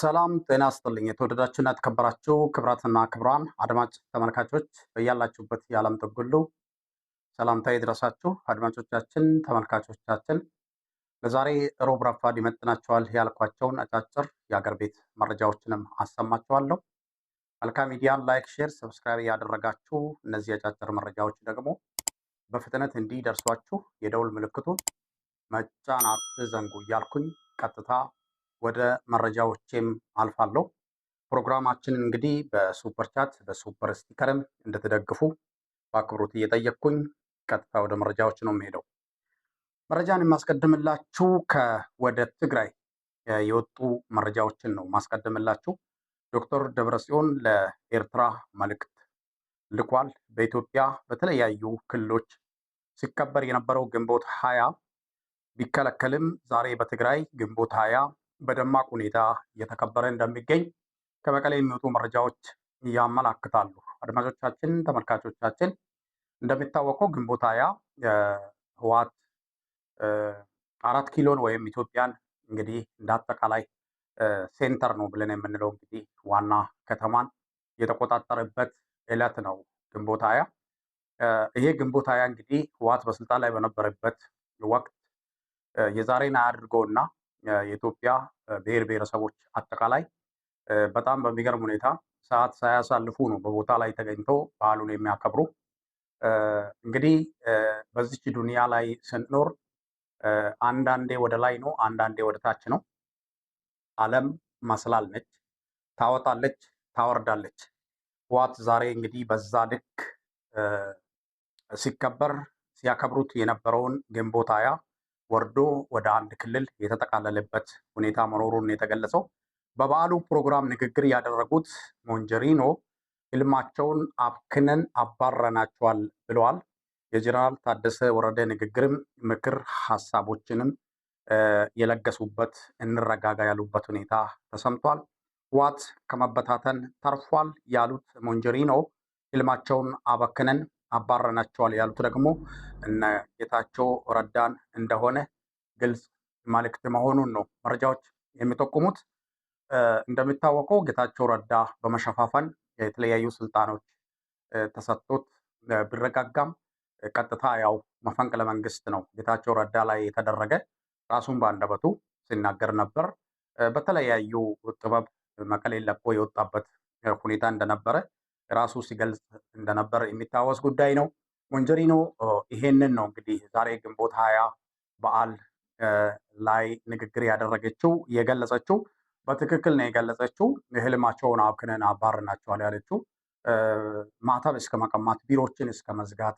ሰላም ጤና ስጥልኝ የተወደዳችሁና የተከበራችሁ ክብራትና ክብራን አድማጭ ተመልካቾች በያላችሁበት የዓለም ጥጉሉ ሰላምታ ሰላምታዬ ይድረሳችሁ። አድማጮቻችን፣ ተመልካቾቻችን ለዛሬ ሮብ ረፋድ ይመጥናቸዋል ያልኳቸውን አጫጭር የአገር ቤት መረጃዎችንም አሰማችኋለሁ። መልካም ሚዲያን ላይክ፣ ሼር፣ ሰብስክራይብ ያደረጋችሁ እነዚህ አጫጭር መረጃዎች ደግሞ በፍጥነት እንዲደርሷችሁ የደውል ምልክቱን መጫን አትዘንጉ እያልኩኝ ቀጥታ ወደ መረጃዎቼም አልፋለሁ። ፕሮግራማችን እንግዲህ በሱፐር ቻት በሱፐር ስቲከርም እንደተደግፉ በአክብሮት እየጠየቅኩኝ ቀጥታ ወደ መረጃዎች ነው የምሄደው። መረጃን የማስቀድምላችሁ ከወደ ትግራይ የወጡ መረጃዎችን ነው ማስቀድምላችሁ። ዶክተር ደብረጽዮን ለኤርትራ መልእክት ልኳል። በኢትዮጵያ በተለያዩ ክልሎች ሲከበር የነበረው ግንቦት ሀያ ቢከለከልም ዛሬ በትግራይ ግንቦት ሀያ በደማቅ ሁኔታ እየተከበረ እንደሚገኝ ከመቀሌ የሚወጡ መረጃዎች ያመላክታሉ። አድማጮቻችን፣ ተመልካቾቻችን እንደሚታወቀው ግንቦት ሃያ ህወሓት አራት ኪሎን ወይም ኢትዮጵያን እንግዲህ እንደ አጠቃላይ ሴንተር ነው ብለን የምንለው እንግዲህ ዋና ከተማን የተቆጣጠረበት ዕለት ነው ግንቦት ሃያ። ይሄ ግንቦት ሃያ እንግዲህ ህወሓት በስልጣን ላይ በነበረበት ወቅት የዛሬን አያድርገውና የኢትዮጵያ ብሔር ብሔረሰቦች አጠቃላይ በጣም በሚገርም ሁኔታ ሰዓት ሳያሳልፉ ነው በቦታ ላይ ተገኝቶ በዓሉን የሚያከብሩ። እንግዲህ በዚች ዱንያ ላይ ስንኖር አንዳንዴ ወደ ላይ ነው፣ አንዳንዴ ወደ ታች ነው። ዓለም መስላል ነች፣ ታወጣለች፣ ታወርዳለች። ህወሓት ዛሬ እንግዲህ በዛ ልክ ሲከበር ሲያከብሩት የነበረውን ግንቦት ሃያ ወርዶ ወደ አንድ ክልል የተጠቃለለበት ሁኔታ መኖሩን የተገለጸው በበዓሉ ፕሮግራም ንግግር ያደረጉት ሞንጀሪኖ ህልማቸውን አብክነን አባረናቸዋል ብለዋል። የጀነራል ታደሰ ወረደ ንግግርም ምክር ሀሳቦችንም የለገሱበት እንረጋጋ ያሉበት ሁኔታ ተሰምቷል። ህወሓት ከመበታተን ተርፏል ያሉት ሞንጀሪኖ ህልማቸውን አበክነን አባረናቸዋል ያሉት ደግሞ እነ ጌታቸው ረዳን እንደሆነ ግልጽ መልእክት መሆኑን ነው መረጃዎች የሚጠቁሙት። እንደሚታወቀው ጌታቸው ረዳ በመሸፋፈን የተለያዩ ስልጣኖች ተሰጥቶት ቢረጋጋም ቀጥታ ያው መፈንቅለ መንግስት ነው ጌታቸው ረዳ ላይ የተደረገ። ራሱን በአንደበቱ ሲናገር ነበር። በተለያዩ ጥበብ መቀሌ ለቆ የወጣበት ሁኔታ እንደነበረ ራሱ ሲገልጽ እንደነበር የሚታወስ ጉዳይ ነው። ወንጀሪኖ ይሄንን ነው እንግዲህ ዛሬ ግንቦት ሀያ በዓል ላይ ንግግር ያደረገችው የገለጸችው በትክክል ነው የገለጸችው። ህልማቸውን አብክነን አባርናቸዋል ያለችው ማተብ እስከ መቀማት፣ ቢሮችን እስከ መዝጋት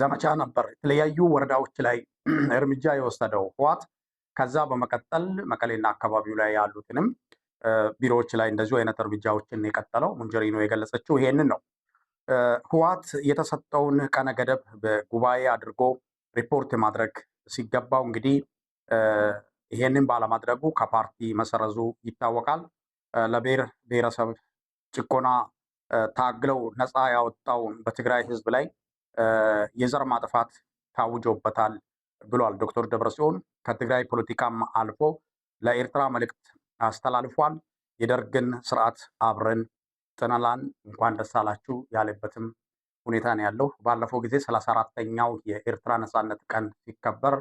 ዘመቻ ነበር የተለያዩ ወረዳዎች ላይ እርምጃ የወሰደው ህዋት። ከዛ በመቀጠል መቀሌና አካባቢው ላይ ያሉትንም ቢሮዎች ላይ እንደዚሁ አይነት እርምጃዎችን የቀጠለው ሙንጀሪኖ የገለጸችው ይሄንን ነው። ህዋት የተሰጠውን ቀነ ገደብ በጉባኤ አድርጎ ሪፖርት ማድረግ ሲገባው እንግዲህ ይሄንን ባለማድረጉ ከፓርቲ መሰረዙ ይታወቃል። ለብሔር ብሔረሰብ ጭቆና ታግለው ነፃ ያወጣውን በትግራይ ህዝብ ላይ የዘር ማጥፋት ታውጆበታል ብሏል ዶክተር ደብረጽዮን ከትግራይ ፖለቲካም አልፎ ለኤርትራ መልእክት አስተላልፏል። የደርግን ስርዓት አብረን ጥነላን እንኳን ደስ አላችሁ ያለበትም ሁኔታ ነው ያለው። ባለፈው ጊዜ ሰላሳ አራተኛው የኤርትራ ነፃነት ቀን ሲከበር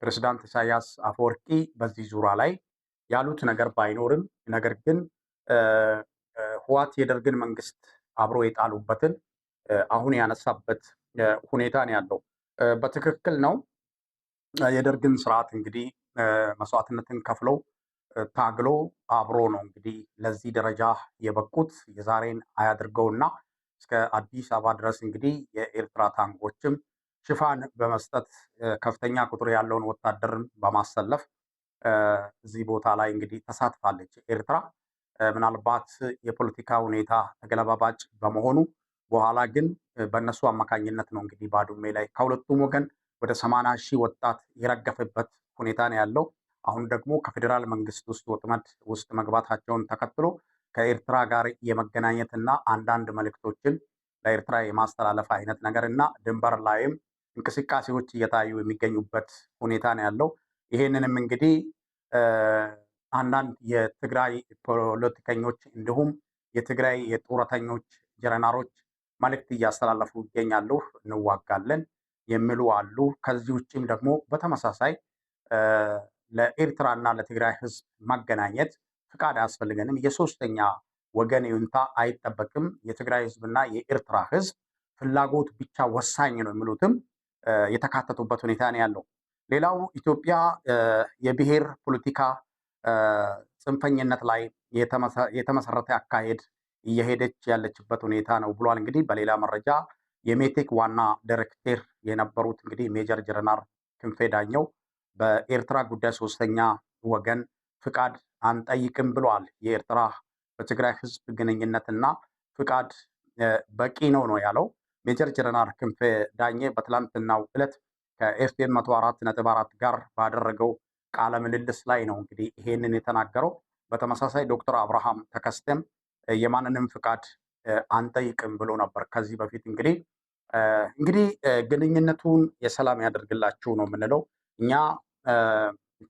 ፕሬዝዳንት ኢሳያስ አፈወርቂ በዚህ ዙሪያ ላይ ያሉት ነገር ባይኖርም ነገር ግን ህዋት የደርግን መንግስት አብሮ የጣሉበትን አሁን ያነሳበት ሁኔታ ነው ያለው። በትክክል ነው። የደርግን ስርዓት እንግዲህ መስዋዕትነትን ከፍለው ታግሎ አብሮ ነው እንግዲህ ለዚህ ደረጃ የበቁት። የዛሬን አያድርገውና እስከ አዲስ አበባ ድረስ እንግዲህ የኤርትራ ታንኮችም ሽፋን በመስጠት ከፍተኛ ቁጥር ያለውን ወታደርን በማሰለፍ እዚህ ቦታ ላይ እንግዲህ ተሳትፋለች ኤርትራ። ምናልባት የፖለቲካ ሁኔታ ተገለባባጭ በመሆኑ በኋላ ግን በእነሱ አማካኝነት ነው እንግዲህ ባዱሜ ላይ ከሁለቱም ወገን ወደ ሰማንያ ሺህ ወጣት የረገፈበት ሁኔታ ነው ያለው። አሁን ደግሞ ከፌዴራል መንግስት ውስጥ ወጥመድ ውስጥ መግባታቸውን ተከትሎ ከኤርትራ ጋር የመገናኘትና አንዳንድ መልእክቶችን ለኤርትራ የማስተላለፍ አይነት ነገር እና ድንበር ላይም እንቅስቃሴዎች እየታዩ የሚገኙበት ሁኔታ ነው ያለው። ይሄንንም እንግዲህ አንዳንድ የትግራይ ፖለቲከኞች እንዲሁም የትግራይ የጡረተኞች ጀነራሎች መልእክት እያስተላለፉ ይገኛሉ። እንዋጋለን የሚሉ አሉ። ከዚህ ውጭም ደግሞ በተመሳሳይ ለኤርትራና ለትግራይ ህዝብ ማገናኘት ፍቃድ አያስፈልገንም። የሶስተኛ ወገን ይሁንታ አይጠበቅም። የትግራይ ህዝብና የኤርትራ ህዝብ ፍላጎት ብቻ ወሳኝ ነው የሚሉትም የተካተቱበት ሁኔታ ነው ያለው። ሌላው ኢትዮጵያ የብሔር ፖለቲካ ጽንፈኝነት ላይ የተመሰረተ አካሄድ እየሄደች ያለችበት ሁኔታ ነው ብሏል። እንግዲህ በሌላ መረጃ የሜቴክ ዋና ዳይሬክተር የነበሩት እንግዲህ ሜጀር ጀነራል ክንፌ ዳኘው በኤርትራ ጉዳይ ሶስተኛ ወገን ፍቃድ አንጠይቅም ብለዋል። የኤርትራ በትግራይ ህዝብ ግንኙነትና ፍቃድ በቂ ነው ነው ያለው ሜጀር ጀነራል ክንፈ ዳኜ በትላንትናው ዕለት ከኤፍኤም መቶ አራት ነጥብ አራት ጋር ባደረገው ቃለ ምልልስ ላይ ነው እንግዲህ ይሄንን የተናገረው። በተመሳሳይ ዶክተር አብርሃም ተከስተም የማንንም ፍቃድ አንጠይቅም ብሎ ነበር። ከዚህ በፊት እንግዲህ እንግዲህ ግንኙነቱን የሰላም ያደርግላችሁ ነው የምንለው። እኛ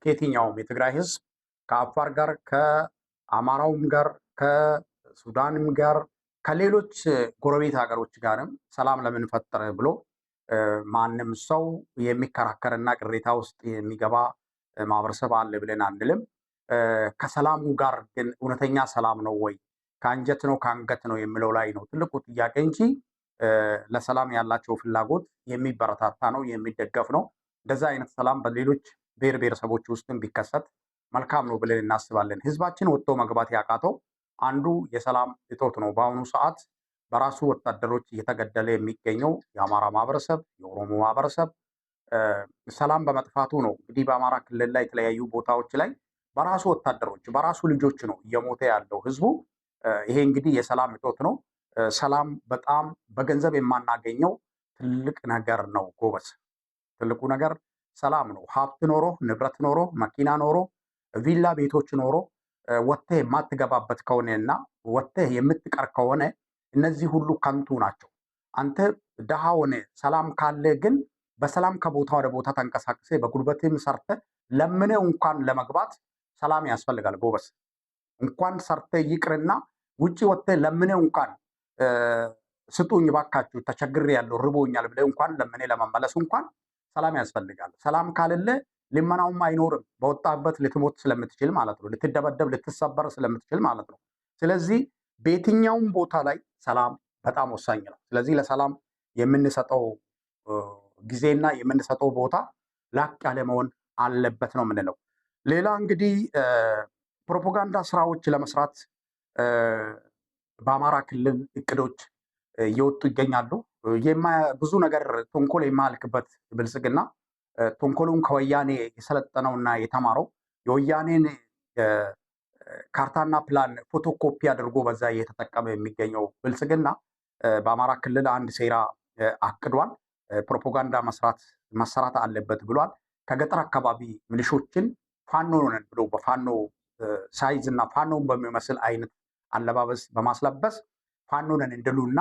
ከየትኛውም የትግራይ ህዝብ ከአፋር ጋር ከአማራውም ጋር ከሱዳንም ጋር ከሌሎች ጎረቤት ሀገሮች ጋርም ሰላም ለምን ፈጠረ ብሎ ማንም ሰው የሚከራከርና ቅሬታ ውስጥ የሚገባ ማህበረሰብ አለ ብለን አንልም። ከሰላሙ ጋር ግን እውነተኛ ሰላም ነው ወይ ከአንጀት ነው ከአንገት ነው የሚለው ላይ ነው ትልቁ ጥያቄ እንጂ ለሰላም ያላቸው ፍላጎት የሚበረታታ ነው፣ የሚደገፍ ነው። እንደዛ አይነት ሰላም በሌሎች ብሔር ብሔረሰቦች ውስጥም ቢከሰት መልካም ነው ብለን እናስባለን። ህዝባችን ወጥቶ መግባት ያቃተው አንዱ የሰላም እጦት ነው። በአሁኑ ሰዓት በራሱ ወታደሮች እየተገደለ የሚገኘው የአማራ ማህበረሰብ፣ የኦሮሞ ማህበረሰብ ሰላም በመጥፋቱ ነው። እንግዲህ በአማራ ክልል ላይ የተለያዩ ቦታዎች ላይ በራሱ ወታደሮች በራሱ ልጆች ነው እየሞተ ያለው ህዝቡ። ይሄ እንግዲህ የሰላም እጦት ነው። ሰላም በጣም በገንዘብ የማናገኘው ትልቅ ነገር ነው ጎበዝ። ትልቁ ነገር ሰላም ነው። ሀብት ኖሮ ንብረት ኖሮ መኪና ኖሮ ቪላ ቤቶች ኖሮ ወጥተህ የማትገባበት ከሆነ እና ወጥተህ የምትቀር ከሆነ እነዚህ ሁሉ ከንቱ ናቸው። አንተ ድሃ ሆነ ሰላም ካለ ግን በሰላም ከቦታ ወደ ቦታ ተንቀሳቅሰ በጉልበትም ሰርተ ለምነ እንኳን ለመግባት ሰላም ያስፈልጋል። ጎበስ እንኳን ሰርተ ይቅርና ውጭ ወጥተ ለምን እንኳን ስጡኝ ባካችሁ ተቸግሬ ያለው ርቦኛል ብለ እንኳን ለምኔ ለመመለስ እንኳን ሰላም ያስፈልጋል። ሰላም ካልለ ልመናውም አይኖርም። በወጣበት ልትሞት ስለምትችል ማለት ነው። ልትደበደብ፣ ልትሰበር ስለምትችል ማለት ነው። ስለዚህ በየትኛውም ቦታ ላይ ሰላም በጣም ወሳኝ ነው። ስለዚህ ለሰላም የምንሰጠው ጊዜና የምንሰጠው ቦታ ላቅ ያለ መሆን አለበት ነው የምንለው። ሌላ እንግዲህ ፕሮፓጋንዳ ስራዎች ለመስራት በአማራ ክልል እቅዶች እየወጡ ይገኛሉ። ብዙ ነገር ተንኮል የማልክበት ብልጽግና ተንኮሉን ከወያኔ የሰለጠነውና የተማረው የወያኔን ካርታና ፕላን ፎቶኮፒ አድርጎ በዛ እየተጠቀመ የሚገኘው ብልጽግና በአማራ ክልል አንድ ሴራ አቅዷል። ፕሮፓጋንዳ መስራት መሰራት አለበት ብሏል። ከገጠር አካባቢ ምልሾችን ፋኖ ነን ብሎ በፋኖ ሳይዝ እና ፋኖን በሚመስል አይነት አለባበስ በማስለበስ ፋኖ ነን እንድሉ እና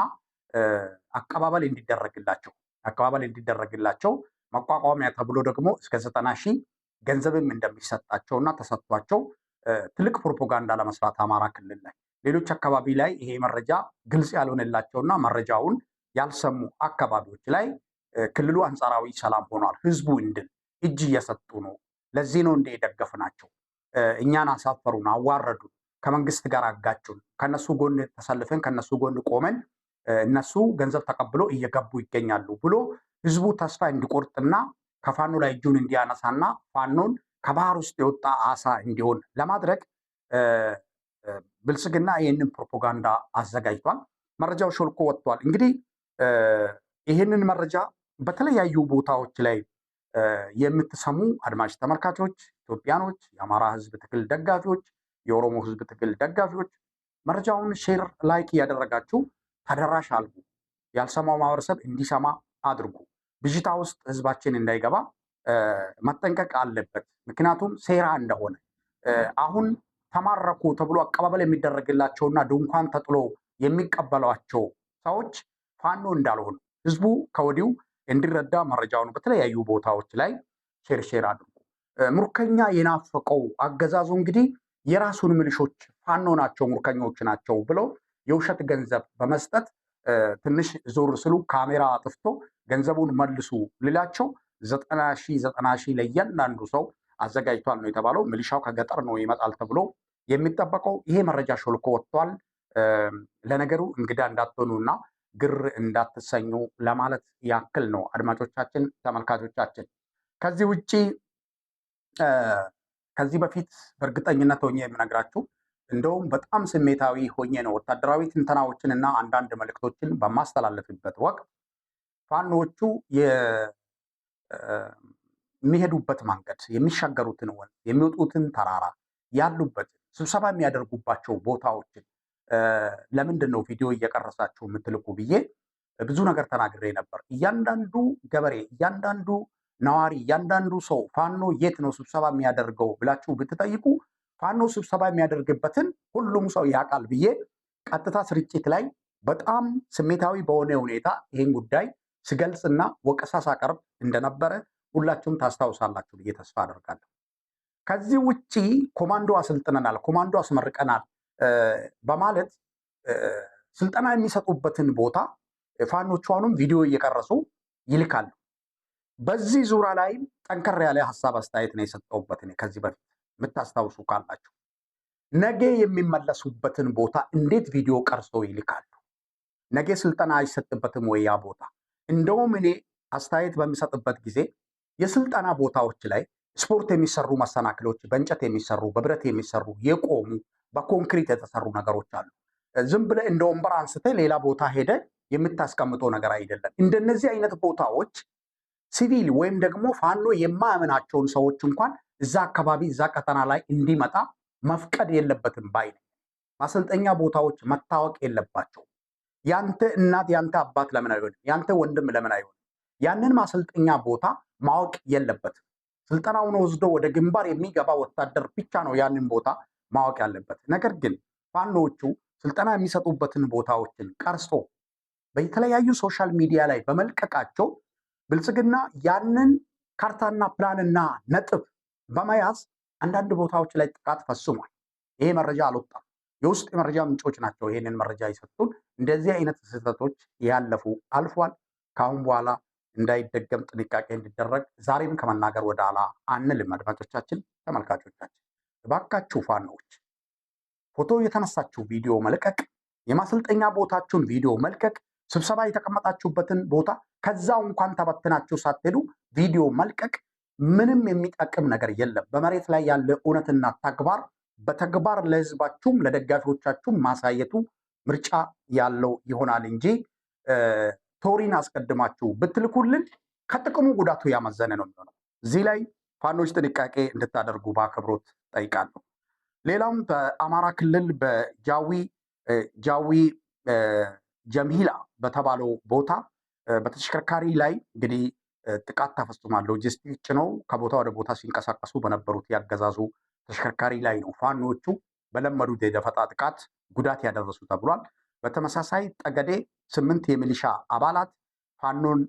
አቀባበል እንዲደረግላቸው አቀባበል እንዲደረግላቸው መቋቋሚያ ተብሎ ደግሞ እስከ ዘጠና ሺህ ገንዘብም እንደሚሰጣቸውና ተሰጥቷቸው ትልቅ ፕሮፓጋንዳ ለመስራት አማራ ክልል ላይ ሌሎች አካባቢ ላይ ይሄ መረጃ ግልጽ ያልሆነላቸውና መረጃውን ያልሰሙ አካባቢዎች ላይ ክልሉ አንጻራዊ ሰላም ሆኗል፣ ህዝቡ እንድን እጅ እየሰጡ ነው። ለዚህ ነው እንዴ የደገፍ ናቸው። እኛን አሳፈሩን፣ አዋረዱን፣ ከመንግስት ጋር አጋጩን። ከነሱ ጎን ተሰልፈን ከነሱ ጎን ቆመን እነሱ ገንዘብ ተቀብሎ እየገቡ ይገኛሉ ብሎ ህዝቡ ተስፋ እንዲቆርጥና ከፋኖ ላይ እጁን እንዲያነሳና ፋኖን ከባህር ውስጥ የወጣ አሳ እንዲሆን ለማድረግ ብልጽግና ይህንን ፕሮፓጋንዳ አዘጋጅቷል። መረጃው ሾልኮ ወጥቷል። እንግዲህ ይህንን መረጃ በተለያዩ ቦታዎች ላይ የምትሰሙ አድማጭ ተመልካቾች፣ ኢትዮጵያኖች፣ የአማራ ህዝብ ትግል ደጋፊዎች፣ የኦሮሞ ህዝብ ትግል ደጋፊዎች መረጃውን ሼር ላይክ እያደረጋችሁ ተደራሽ አልጉ። ያልሰማው ማህበረሰብ እንዲሰማ አድርጉ። ብዥታ ውስጥ ህዝባችን እንዳይገባ መጠንቀቅ አለበት። ምክንያቱም ሴራ እንደሆነ አሁን ተማረኩ ተብሎ አቀባበል የሚደረግላቸውና ድንኳን ተጥሎ የሚቀበሏቸው ሰዎች ፋኖ እንዳልሆኑ ህዝቡ ከወዲሁ እንዲረዳ መረጃውን በተለያዩ ቦታዎች ላይ ሼርሼር አድርጉ። ምርኮኛ የናፈቀው አገዛዙ እንግዲህ የራሱን ምልሾች ፋኖ ናቸው፣ ምርኮኞች ናቸው ብሎ የውሸት ገንዘብ በመስጠት ትንሽ ዞር ስሉ ካሜራ አጥፍቶ ገንዘቡን መልሱ ልላቸው ዘጠና ሺ ዘጠና ሺ ለእያንዳንዱ ሰው አዘጋጅቷል ነው የተባለው። ሚሊሻው ከገጠር ነው ይመጣል ተብሎ የሚጠበቀው ይሄ መረጃ ሾልኮ ወጥቷል። ለነገሩ እንግዳ እንዳትሆኑና ግር እንዳትሰኙ ለማለት ያክል ነው። አድማጮቻችን፣ ተመልካቾቻችን ከዚህ ውጭ ከዚህ በፊት በእርግጠኝነት ሆኜ የምነግራችሁ እንደውም በጣም ስሜታዊ ሆኜ ነው ወታደራዊ ትንተናዎችን እና አንዳንድ መልእክቶችን በማስተላለፍበት ወቅት ፋኖቹ የሚሄዱበት መንገድ፣ የሚሻገሩትን ወንዝ፣ የሚወጡትን ተራራ፣ ያሉበት ስብሰባ የሚያደርጉባቸው ቦታዎችን ለምንድን ነው ቪዲዮ እየቀረሳችሁ የምትልኩ ብዬ ብዙ ነገር ተናግሬ ነበር። እያንዳንዱ ገበሬ፣ እያንዳንዱ ነዋሪ፣ እያንዳንዱ ሰው ፋኖ የት ነው ስብሰባ የሚያደርገው ብላችሁ ብትጠይቁ ፋኖ ስብሰባ የሚያደርግበትን ሁሉም ሰው ያውቃል ብዬ ቀጥታ ስርጭት ላይ በጣም ስሜታዊ በሆነ ሁኔታ ይህን ጉዳይ ስገልጽና ወቀሳ ሳቀርብ እንደነበረ ሁላችሁም ታስታውሳላችሁ ብዬ ተስፋ አደርጋለሁ። ከዚህ ውጭ ኮማንዶ አሰልጥነናል፣ ኮማንዶ አስመርቀናል በማለት ስልጠና የሚሰጡበትን ቦታ ፋኖቹ አሁንም ቪዲዮ እየቀረጹ ይልካሉ። በዚህ ዙራ ላይ ጠንከር ያለ ሀሳብ አስተያየት ነው የሰጠውበት ከዚህ በፊት የምታስታውሱ ካላችሁ ነገ የሚመለሱበትን ቦታ እንዴት ቪዲዮ ቀርጾ ይልካሉ? ነገ ስልጠና አይሰጥበትም ወይ ያ ቦታ? እንደውም እኔ አስተያየት በሚሰጥበት ጊዜ የስልጠና ቦታዎች ላይ ስፖርት የሚሰሩ መሰናክሎች፣ በእንጨት የሚሰሩ በብረት የሚሰሩ የቆሙ በኮንክሪት የተሰሩ ነገሮች አሉ። ዝም ብለህ እንደ ወንበር አንስተህ ሌላ ቦታ ሄደ የምታስቀምጠው ነገር አይደለም። እንደነዚህ አይነት ቦታዎች ሲቪል ወይም ደግሞ ፋኖ የማያምናቸውን ሰዎች እንኳን እዛ አካባቢ እዛ ቀጠና ላይ እንዲመጣ መፍቀድ የለበትም ባይ ነኝ። ማሰልጠኛ ቦታዎች መታወቅ የለባቸው። ያንተ እናት ያንተ አባት ለምን አይሆንም? ያንተ ወንድም ለምን አይሆንም? ያንን ማሰልጠኛ ቦታ ማወቅ የለበትም። ስልጠናውን ወስዶ ወደ ግንባር የሚገባ ወታደር ብቻ ነው ያንን ቦታ ማወቅ ያለበት። ነገር ግን ፋኖቹ ስልጠና የሚሰጡበትን ቦታዎችን ቀርጾ በተለያዩ ሶሻል ሚዲያ ላይ በመልቀቃቸው ብልጽግና ያንን ካርታና ፕላንና ነጥብ በመያዝ አንዳንድ ቦታዎች ላይ ጥቃት ፈጽሟል። ይሄ መረጃ አልወጣም። የውስጥ የመረጃ ምንጮች ናቸው ይህንን መረጃ የሰጡን። እንደዚህ አይነት ስህተቶች ያለፉ አልፏል። ከአሁን በኋላ እንዳይደገም ጥንቃቄ እንዲደረግ ዛሬም ከመናገር ወደ ኋላ አንልም። አድማጮቻችን፣ ተመልካቾቻችን እባካችሁ ፋኖች ፎቶ የተነሳችሁ ቪዲዮ መልቀቅ፣ የማሰልጠኛ ቦታችሁን ቪዲዮ መልቀቅ፣ ስብሰባ የተቀመጣችሁበትን ቦታ ከዛው እንኳን ተበትናችሁ ሳትሄዱ ቪዲዮ መልቀቅ ምንም የሚጠቅም ነገር የለም። በመሬት ላይ ያለ እውነትና ተግባር በተግባር ለህዝባችሁም ለደጋፊዎቻችሁም ማሳየቱ ምርጫ ያለው ይሆናል እንጂ ቶሪን አስቀድማችሁ ብትልኩልን ከጥቅሙ ጉዳቱ ያመዘነ ነው የሚሆነው። እዚህ ላይ ፋኖች ጥንቃቄ እንድታደርጉ በአክብሮት ጠይቃለሁ። ሌላም በአማራ ክልል በጃዊ ጃዊ ጀምሂላ በተባለው ቦታ በተሽከርካሪ ላይ እንግዲህ ጥቃት ተፈጽሟል። ሎጂስቲክ ጭነው ከቦታ ወደ ቦታ ሲንቀሳቀሱ በነበሩት ያገዛዙ ተሽከርካሪ ላይ ነው ፋኖቹ በለመዱት የደፈጣ ጥቃት ጉዳት ያደረሱ ተብሏል። በተመሳሳይ ጠገዴ ስምንት የሚሊሻ አባላት ፋኖን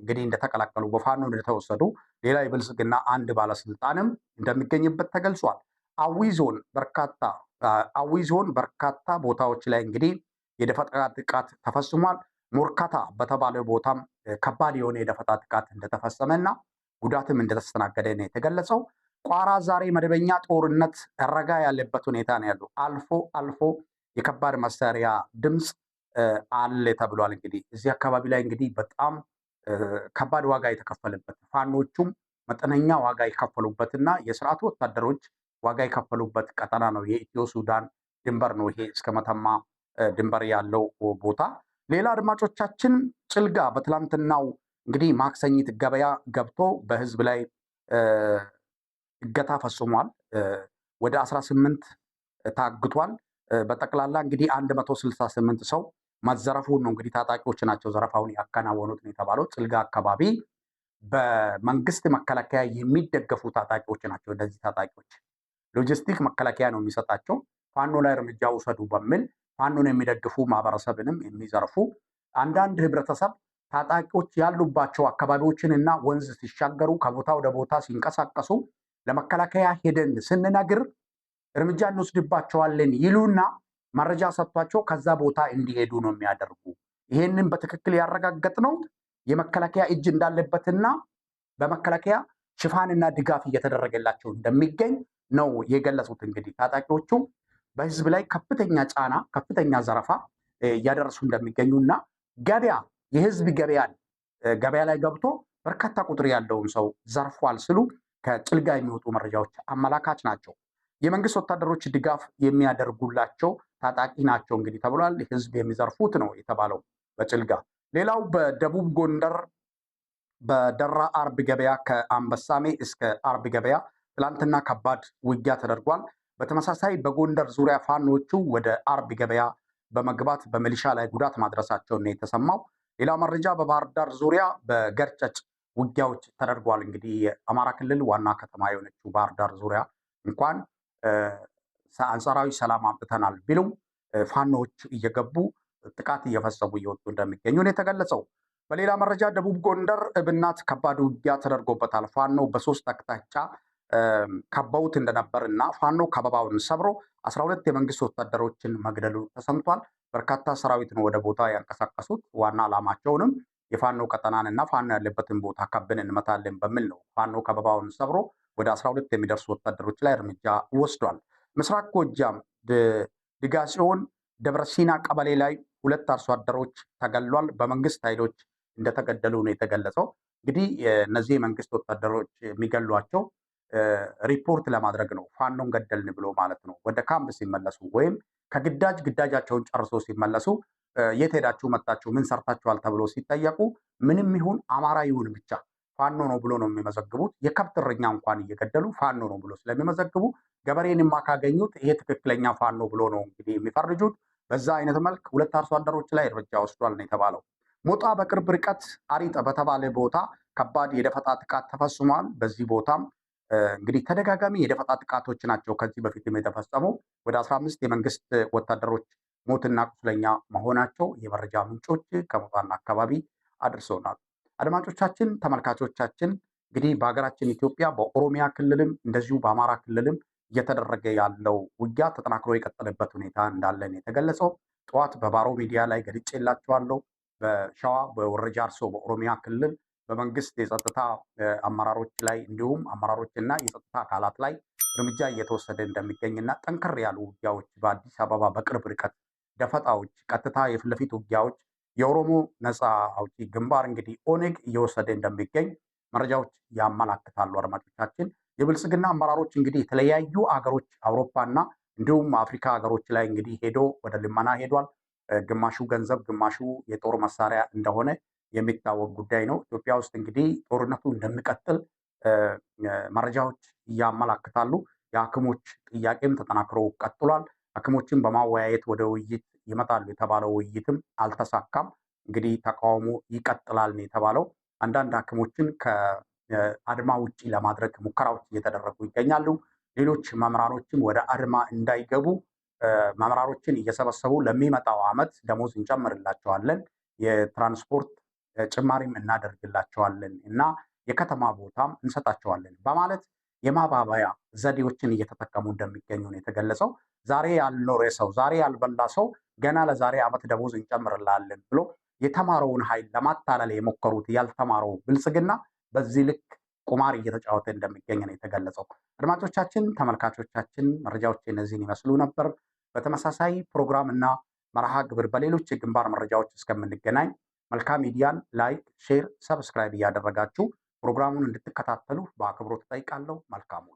እንግዲህ እንደተቀላቀሉ በፋኖ እንደተወሰዱ ሌላ የብልጽግና አንድ ባለስልጣንም እንደሚገኝበት ተገልጿል። አዊ ዞን በርካታ አዊ ዞን በርካታ ቦታዎች ላይ እንግዲህ የደፈጣ ጥቃት ተፈጽሟል። ሞርካታ በተባለ ቦታም ከባድ የሆነ የደፈጣ ጥቃት እንደተፈጸመ እና ጉዳትም እንደተስተናገደ ነው የተገለጸው። ቋራ ዛሬ መደበኛ ጦርነት ረጋ ያለበት ሁኔታ ነው ያለው። አልፎ አልፎ የከባድ መሳሪያ ድምፅ አለ ተብሏል። እንግዲህ እዚህ አካባቢ ላይ እንግዲህ በጣም ከባድ ዋጋ የተከፈለበት ፋኖቹም መጠነኛ ዋጋ የከፈሉበትና የስርዓቱ ወታደሮች ዋጋ የከፈሉበት ቀጠና ነው። የኢትዮ ሱዳን ድንበር ነው ይሄ እስከ መተማ ድንበር ያለው ቦታ ሌላ አድማጮቻችን ጭልጋ በትላንትናው እንግዲህ ማክሰኝት ገበያ ገብቶ በህዝብ ላይ እገታ ፈጽሟል። ወደ 18 ታግቷል። በጠቅላላ እንግዲህ 168 ሰው መዘረፉን ነው እንግዲህ ታጣቂዎች ናቸው ዘረፋውን ያከናወኑት ነው የተባለው። ጭልጋ አካባቢ በመንግስት መከላከያ የሚደገፉ ታጣቂዎች ናቸው። እነዚህ ታጣቂዎች ሎጂስቲክ መከላከያ ነው የሚሰጣቸው። ፋኖ ላይ እርምጃ ውሰዱ በሚል ፋኖን የሚደግፉ ማህበረሰብንም የሚዘርፉ አንዳንድ ህብረተሰብ ታጣቂዎች ያሉባቸው አካባቢዎችን እና ወንዝ ሲሻገሩ ከቦታ ወደ ቦታ ሲንቀሳቀሱ ለመከላከያ ሄደን ስንነግር እርምጃ እንወስድባቸዋለን ይሉና መረጃ ሰጥቷቸው ከዛ ቦታ እንዲሄዱ ነው የሚያደርጉ። ይሄንን በትክክል ያረጋገጥ ነው የመከላከያ እጅ እንዳለበትና በመከላከያ ሽፋንና ድጋፍ እየተደረገላቸው እንደሚገኝ ነው የገለጹት። እንግዲህ ታጣቂዎቹ በህዝብ ላይ ከፍተኛ ጫና፣ ከፍተኛ ዘረፋ እያደረሱ እንደሚገኙ እና ገበያ የህዝብ ገበያን ገበያ ላይ ገብቶ በርካታ ቁጥር ያለውን ሰው ዘርፏል ስሉ ከጭልጋ የሚወጡ መረጃዎች አመላካች ናቸው። የመንግስት ወታደሮች ድጋፍ የሚያደርጉላቸው ታጣቂ ናቸው እንግዲህ ተብሏል። ህዝብ የሚዘርፉት ነው የተባለው በጭልጋ። ሌላው በደቡብ ጎንደር በደራ አርብ ገበያ ከአንበሳሜ እስከ አርብ ገበያ ትላንትና ከባድ ውጊያ ተደርጓል። በተመሳሳይ በጎንደር ዙሪያ ፋኖቹ ወደ አርብ ገበያ በመግባት በሚሊሻ ላይ ጉዳት ማድረሳቸውን ነው የተሰማው። ሌላ መረጃ በባህር ዳር ዙሪያ በገርጨጭ ውጊያዎች ተደርጓል። እንግዲህ የአማራ ክልል ዋና ከተማ የሆነችው ባህር ዳር ዙሪያ እንኳን አንጻራዊ ሰላም አምጥተናል ቢሉም ፋኖዎች እየገቡ ጥቃት እየፈጸሙ እየወጡ እንደሚገኙ ነው የተገለጸው። በሌላ መረጃ ደቡብ ጎንደር እብናት ከባድ ውጊያ ተደርጎበታል። ፋኖ በሶስት አቅጣጫ ከበውት እንደነበር እና ፋኖ ከበባውን ሰብሮ አስራ ሁለት የመንግስት ወታደሮችን መግደሉ ተሰምቷል። በርካታ ሰራዊትን ወደ ቦታ ያንቀሳቀሱት ዋና ዓላማቸውንም የፋኖ ቀጠናን እና ፋኖ ያለበትን ቦታ ከብን እንመታለን በሚል ነው። ፋኖ ከበባውን ሰብሮ ወደ 12 የሚደርሱ ወታደሮች ላይ እርምጃ ወስዷል። ምስራቅ ጎጃም ድጋ ሲሆን ደብረሲና ቀበሌ ላይ ሁለት አርሶ አደሮች ተገሏል። በመንግስት ኃይሎች እንደተገደሉ ነው የተገለጸው። እንግዲህ እነዚህ የመንግስት ወታደሮች የሚገሏቸው ሪፖርት ለማድረግ ነው። ፋኖን ገደልን ብሎ ማለት ነው። ወደ ካምፕ ሲመለሱ ወይም ከግዳጅ ግዳጃቸውን ጨርሶ ሲመለሱ የት ሄዳችሁ መጣችሁ ምን ሰርታችኋል ተብሎ ሲጠየቁ ምንም ይሁን አማራ ይሁን ብቻ ፋኖ ነው ብሎ ነው የሚመዘግቡት። የከብት እረኛ እንኳን እየገደሉ ፋኖ ነው ብሎ ስለሚመዘግቡ ገበሬንማ ካገኙት ይሄ ትክክለኛ ፋኖ ብሎ ነው እንግዲህ የሚፈርጁት። በዛ አይነት መልክ ሁለት አርሶ አደሮች ላይ እርምጃ ወስዷል ነው የተባለው። ሞጣ በቅርብ ርቀት አሪጠ በተባለ ቦታ ከባድ የደፈጣ ጥቃት ተፈጽሟል። በዚህ ቦታም እንግዲህ ተደጋጋሚ የደፈጣ ጥቃቶች ናቸው ከዚህ በፊትም የተፈጸሙ። ወደ አስራ አምስት የመንግስት ወታደሮች ሞትና ቁስለኛ መሆናቸው የመረጃ ምንጮች ከሞጣና አካባቢ አድርሰውናል። አድማጮቻችን፣ ተመልካቾቻችን እንግዲህ በሀገራችን ኢትዮጵያ በኦሮሚያ ክልልም እንደዚሁ በአማራ ክልልም እየተደረገ ያለው ውጊያ ተጠናክሮ የቀጠለበት ሁኔታ እንዳለን የተገለጸው ጠዋት በባሮ ሚዲያ ላይ ገልጬላቸዋለሁ። በሸዋ በወረጃ አርሶ በኦሮሚያ ክልል በመንግስት የጸጥታ አመራሮች ላይ እንዲሁም አመራሮችና የጸጥታ አካላት ላይ እርምጃ እየተወሰደ እንደሚገኝና ጠንከር ያሉ ውጊያዎች በአዲስ አበባ በቅርብ ርቀት ደፈጣዎች፣ ቀጥታ የፊት ለፊት ውጊያዎች የኦሮሞ ነፃ አውጪ ግንባር እንግዲህ ኦኔግ እየወሰደ እንደሚገኝ መረጃዎች ያመላክታሉ። አድማጮቻችን የብልጽግና አመራሮች እንግዲህ የተለያዩ አገሮች አውሮፓና እንዲሁም አፍሪካ ሀገሮች ላይ እንግዲህ ሄዶ ወደ ልመና ሄዷል። ግማሹ ገንዘብ፣ ግማሹ የጦር መሳሪያ እንደሆነ የሚታወቅ ጉዳይ ነው። ኢትዮጵያ ውስጥ እንግዲህ ጦርነቱ እንደሚቀጥል መረጃዎች ያመላክታሉ። የሐኪሞች ጥያቄም ተጠናክሮ ቀጥሏል። ሐኪሞችን በማወያየት ወደ ውይይት ይመጣሉ የተባለው ውይይትም አልተሳካም። እንግዲህ ተቃውሞ ይቀጥላል ነው የተባለው። አንዳንድ ሐኪሞችን ከአድማ ውጭ ለማድረግ ሙከራዎች እየተደረጉ ይገኛሉ። ሌሎች መምህራኖችም ወደ አድማ እንዳይገቡ መምህራኖችን እየሰበሰቡ ለሚመጣው ዓመት ደሞዝ እንጨምርላቸዋለን፣ የትራንስፖርት ጭማሪም እናደርግላቸዋለን እና የከተማ ቦታም እንሰጣቸዋለን በማለት የማባባያ ዘዴዎችን እየተጠቀሙ እንደሚገኙ ነው የተገለጸው። ዛሬ ያልኖረ ሰው፣ ዛሬ ያልበላ ሰው ገና ለዛሬ ዓመት ደሞዝ እንጨምርላለን ብሎ የተማረውን ኃይል ለማታለል የሞከሩት ያልተማረው ብልጽግና በዚህ ልክ ቁማር እየተጫወተ እንደሚገኝ ነው የተገለጸው። አድማጮቻችን፣ ተመልካቾቻችን መረጃዎች እነዚህን ይመስሉ ነበር። በተመሳሳይ ፕሮግራም እና መርሃ ግብር በሌሎች የግንባር መረጃዎች እስከምንገናኝ መልካም ሚዲያን ላይክ፣ ሼር፣ ሰብስክራይብ እያደረጋችሁ ፕሮግራሙን እንድትከታተሉ በአክብሮት እጠይቃለሁ። መልካም